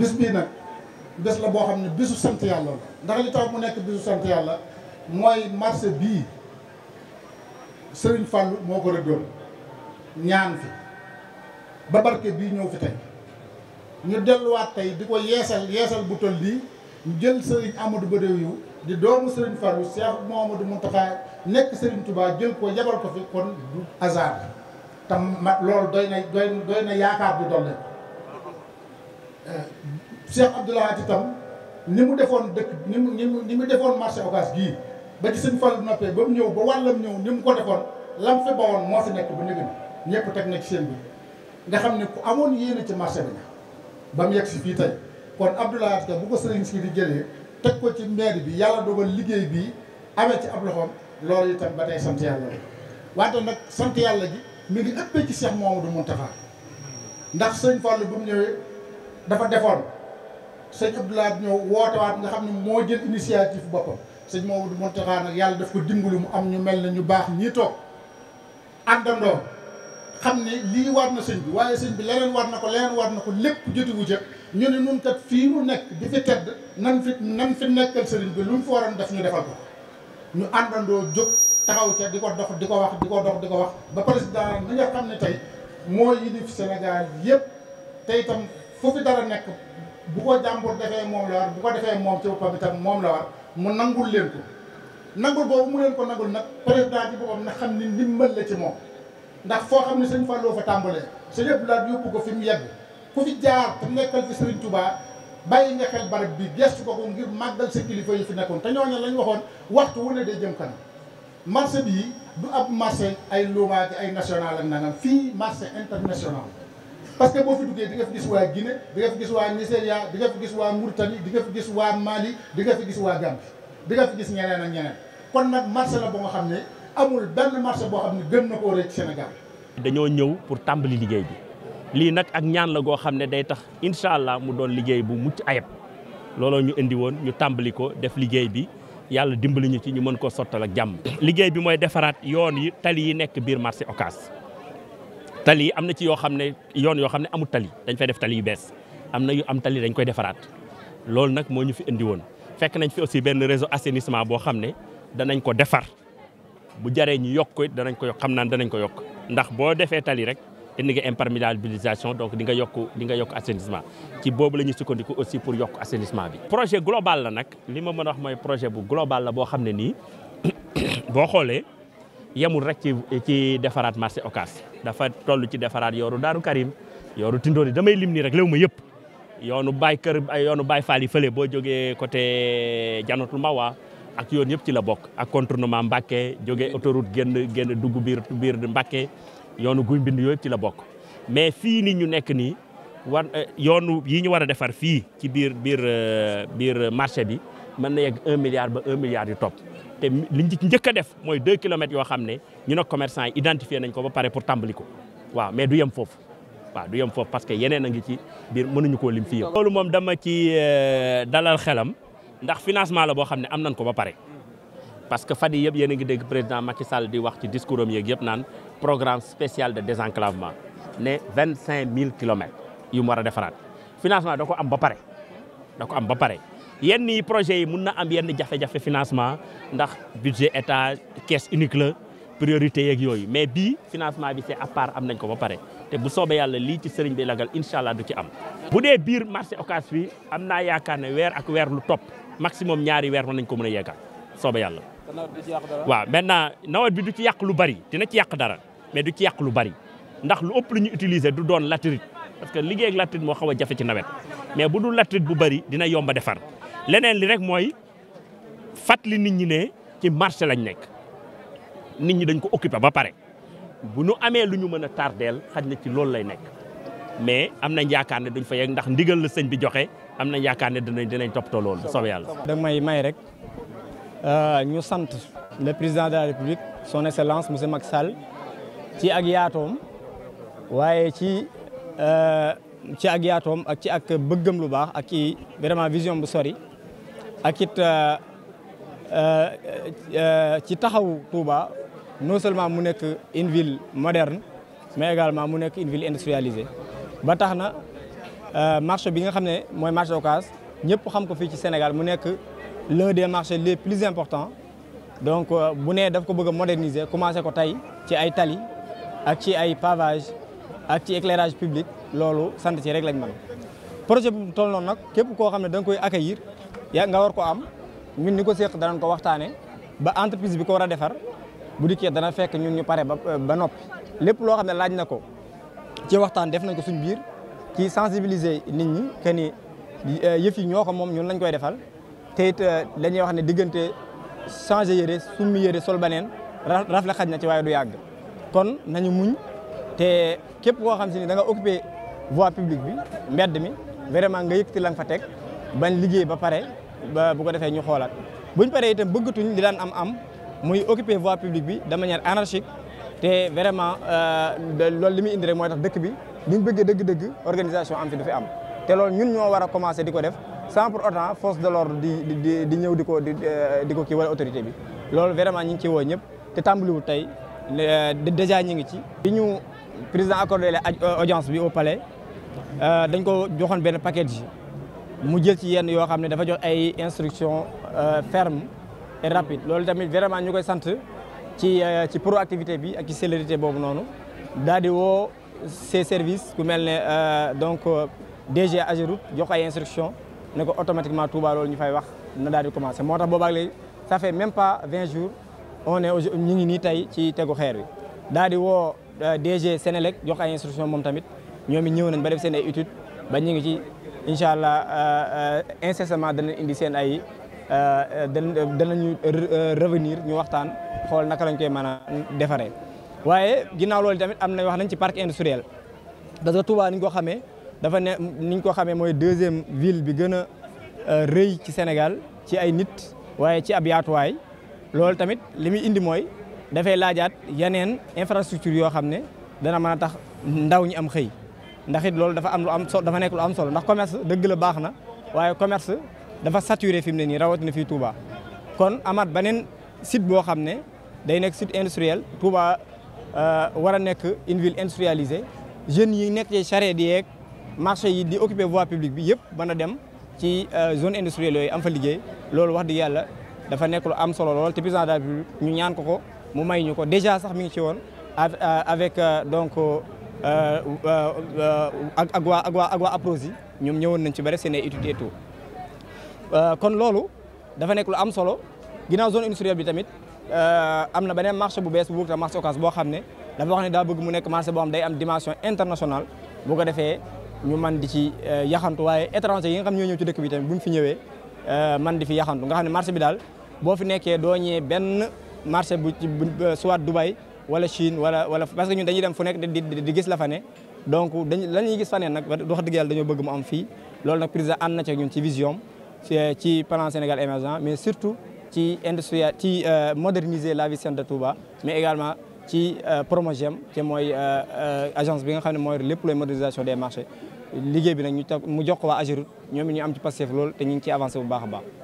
bis bii nag bés la boo xam ne bisu sant yàlla la ndax li tax mu nekk bisu sant yàlla mooy marché bii Serigne Fallou moo ko rëddoon ñaan fi ba barke bii ñëw fi tey ñu delluwaat tey di ko yeesal yeesal bu toll lii ñu jël Serigne Amadou Badawiyu di doomu Serigne Fallou Cheikh Mouhamadou Mountakha nekk Serigne Touba jël ko yebal ko fi kon du tam ma loolu doy na doy na yaakaar bu dolle Cheikh Abdoulaye tam ni mu defoon dëkk ni mu ni mu ni mu defoon marché Ocass gii ba ci sëñ Fallu noppee ba mu ñëw ba wàllam ñëw ni mu ko defoon lam fi bawoon moo fi nekk ba nëgën ñëpp teg na ci seen nga xam ne ku amoon yéene ci marché bi ba mu si fii kon Abdoulaye Atika ko sëriñ si di jëlee teg ko ci maire bi yàlla dogal liggéey bii amee ci ab loxoom loolu itam ba tey sant yàlla la wante nag sant yàlla gi mi ngi ëppee ci Cheikh Mouhamadou Mountakha ndax sëñ Fallu ba mu ñëwee dafa defoon sëñ Abdoulaye woo wootewaat nga xam ne moo jël initiative boppam sëñ Maodo Mountakha nag yàlla def ko dimbali mu am ñu mel ne ñu baax ñii toog àndandoo xam ni lii war na sëñ bi waaye sëñ bi leneen war na ko leneen war na ko lépp jotiwu ca ñu ne nun kat fii mu nekk di fi tedd nan fi nan fi nekkal sëriñ bi lu mu fi waroon def ñu defal ko ñu àndandoo jóg taxaw ca di ko dox di ko wax di ko dox di ko wax ba président mi nga xam ne tey moo yilif Sénégal yëpp tey foofu dara nekk bu ko jàmbur defee moom la war bu ko defee moom ci boppam itam moom la war mu nangul leen ko nangul boobu mu leen ko nangul nag président ji boppam na xam ni ndimbal la ci moom ndax foo xam ne sëñ Fallou fa tàmbalee sa yëpp laat yóbbu ko fi mu yegg ku fi jaar te nekkal fi Serigne Touba bàyyi nga xel barab bi gestu ko ko ngir màggal sa kilifa yi fi nekkoon te ñooñu lañ waxoon waxtu wu ne day jëm kanam marché bii du ab marché ay luuma ay national ak nangam fii marché international parce que boo fi duggee di nga gis waa Guinée di nga fi gis waa Nigéria di nga gis waa Mauritanie di nga gis waa Mali di nga gis waa Gambie di nga gis ñeneen ak kon nag marché la boo nga xam ne amul benn marché boo xam ne gën na koo rëcc dañoo ñëw pour tàmbali liggéey bi lii nag ak ñaan la goo xam ne day tax incha allah mu doon liggéey bu mucc ayib looloo ñu indi woon ñu tàmbali ko def liggéey bi yàlla dimbali ñu ci ñu mën koo sottal ak jàmm. liggéey bi mooy defaraat yoon yi tali yi nekk biir marché Ocass. tali yi am na ci yoo xam ne yoon yoo xam ne amul tali dañ fay def tali yu bees am na am tali dañ koy defaraat loolu nag moo ñu fi indi woon fekk nañ fi aussi benn réseau assainissement boo xam ne danañ ko defar bu jaree ñu yokk ko danañ ko yokk xam naan danañ ko yokk ndax boo defee tali rek indi nga imperméabilisation donc di nga yokk di nga yokk assainissement ci boobu la ñuy sukkandiku aussi pour yokk assainissement bi. projet global la nag li ma mën a mooy projet bu global la boo xam ne nii xoolee. yemul rek ci ci defaraat marché Ocass dafa tollu ci defaraat yooru Daaru Karim yooru Tindóori damay lim nii rek léwu yëpp yoonu Baay Kër yoonu Baay Faal yi fële boo jógee côté Janatul Mawa ak yoon yëpp ci la bokk ak contournement Mbacké jógee autoroute génn génn dugg biir biir Mbacké yoonu guy mbind yooyu yëpp ci la bokk mais fii ni ñu nekk nii war eh, yoonu yi ñu war a defar fii ci biir biir eh, biir marché bi mën na yegg un milliard ba un milliard yu top te liñ def mooy deux kilomètres yoo xam ne ñu ne commerçant yi identifié nañ ko ba pare pour tàmbali ko waaw mais du yem foofu waaw du yem foofu parce que yeneen a ngi ci biir mënuñu koo lim fii yëpp. moom dama ci euh, dalal xelam ndax financement la boo xam ne am nañ ko ba pare parce que fan yii yëpp yéen a ngi dégg président Macky Sall di wax ci discours am yeeg yëpp naan programme spécial de désenclavement ne vingt cinq mille kilomètres yu mu war a defaraat financement da ko am ba pare da ko am ba pare. yenn yi projet yi mun na am yenn jafe-jafe financement ndax budget état caisse unique la priorité yeeg yooyu mais bii financement bi c'est à part am nañ ko ba pare te bu soobee yàlla lii ci sëriñ bi lagal incha allah du ci am. bu dee biir marché occas bi am naa yaakaar ne weer ak weer lu topp maximum ñaari weer mën nañ ko mun a yeggal soobee yàlla. waaw maintenant nawet bi du ci yàq lu bari dina ci yàq dara mais du ci yàq lu bari ndax lu ëpp lu ñu utiliser du doon latérite. parce que liggéey ak moo xaw a jafe ci nawet mais bu dul latrit bu bëri dina yomb a defar leneen li rek mooy fàttali nit ñi ne ci marché lañ nekk nit ñi dañ ko occupé ba pare bu ñu amee lu ñu mën a tardeel xaj na ci loolu lay nekk mais am nañ yaakaar ne duñ fa yegg ndax ndigal la sëñ bi joxe am nañ yaakaar ne dinañ dinañ toppatoo loolu soobee yàlla. da may may rek euh, ñu sant le président de la république son excellence monsieur Macky Sall ci ak yaatoom Euh, ci ak yaatoom ak ci ak bëggam lu baax ak ci vraiment vision bu sori ak it euh, euh, ci taxaw Touba non seulement mu nekk une ville moderne mais également mu nekk une ville industrialisée ba tax na marché bi nga xam ne mooy marché Ocass ñëpp xam ko fii ci Sénégal mu nekk l'un des marchés les plus important donc bu nee daf ko bëgg a moderniser commencé ko tey ci ay tali ak ci ay pavage ak ci éclairage public loolu sant ci rek lañ mën projet bi toll noonu nag képp koo xam ne da nga koy accueillir ya nga war ko am ñun ni ko séq danañ ko waxtaanee ba entreprise bi ko war a defar bu dikkee dana fekk ñun ñu pare ba ba noppi lépp loo xam ne laaj na ko ci waxtaan def nañ ko suñ biir ci sensibiliser nit ñi que ni euh, yëf ñoo ko moom ñun lañ koy defal te it euh, dañuy wax ne diggante changé yére summi yére sol baneen raf la xaj na ci waaye du yàgg kon nañu muñ te képp koo xam si ni da nga occupé bi mbedd mi vraiment nga yëkkati la nga fa teg ban liggéey ba pare ba bu ko defee ñu xoolaat buñ paree ta bëggatuñ li daan am am muy occupé voi publique bi de manière anarchique te vraiment euh, loolu li muy indi rek mooy tax dëkk bi li ñu dëgg-dëgg organisation am fi du fi am te loolu ñun ñoo war a commencé di ko def sans pour autant force de l'ordre di di di ñëw di ko euh, di ko kii wala autorité bi loolu vraiment ñi ngi ci woo ñëpp te tàmbaliwul tey euh, président accordé la audience bi au palais euh, dañ ko joxoon benn paquet ji mu jël ci yenn yoo xam ne dafa jox ay instructions euh, fermes et rapides loolu tamit vraiment ñu koy sant ci euh, ci activité bi ak ci célérité boobu noonu daal di woo ses service ku mel ne donc DG Ageroute jox ay instructions ne ko automatiquement Touba loolu ñu fay wax na daal di commencé moo tax boobaag léegi ça fait même pas vingt jours on est ñu ngi nii tey ci tegu xeer bi woo. Euh, DG Sénélec jox ay instruction moom tamit ñoom it ñëw nañ ba def seen ay étude ba ñu ngi ci incha allah euh, euh, incessamment danañ indi seen ay danañu revenir ñu waxtaan xool naka lañ koy mën a defaree. waaye ginnaaw loolu tamit am na wax nañ ci parc industriel parce que Touba ni ñu ko xamee dafa ne niñ ñu ko xamee mooy deuxième ville bi gën a rëy ci Sénégal ci ay nit waaye ci ab yaatuwaay loolu tamit li muy indi mooy. dafay laajaat yeneen infrastructure yoo xam ne dana mën tax ndaw ñi am xëy ndax it loolu dafa am lu am solo dafa nekk lu am solo ndax commerce dëgg la baax na waaye commerce dafa saturé fi mu ne nii rawatina fii Touba. kon amaat beneen sit boo xam ne day nekk site industriel Touba euh, war a nekk une ville industrialisée jeunes yi nekk ci charrette yeeg marché yi di occuper voie publique bi yëpp mën a dem ci euh, zone industrielle yooyu am fa liggéey loolu wax di yàlla dafa nekk lu am solo lool te président de la ñu ñaan ko. mu may ñu ko déjà sax mi ngi ci woon euh, avec euh, donc euh, ak ak waa ak waa ak waa APROSI ñoom ñëwoon nañ ci bëri seen ay études et kon loolu dafa nekk lu am solo ginnaaw zone industrielle bi tamit am na beneen marché bu bees bu bëgg marché Ocass boo xam ne dafa wax ne daa bëgg mu nekk marché boo xam day am dimension internationale bu ko defee ñu man di ci yaxantu waaye étranger yi nga xam ñoo ñëw ci dëkk bi bu ñu fi ñëwee man di fi yaxantu nga xam ne marché bi daal boo fi nekkee doo ñëwee benn. marché bu euh, soit Dubaï wala Chine wala wala parce que ñun dañuy dem fu nekk di di gis la fa donc dañ la ñuy gis fa ne nag wax dëgg yàlla dañoo bëgg mu am fii lool nag président ànd na ci ñun ci vision euh, ci plan Sénégal émergent mais surtout ci industriel ci euh, moderniser la vie saine de Touba mais également ci Promogem te mooy agence bi nga xam ne mooy lépp looy modernisation des marchés liggéey bi nag ñu mu jox ko waa Ageroute ñoom it ñu am ci passif loolu te ñu ngi ciy avancé bu baax a baax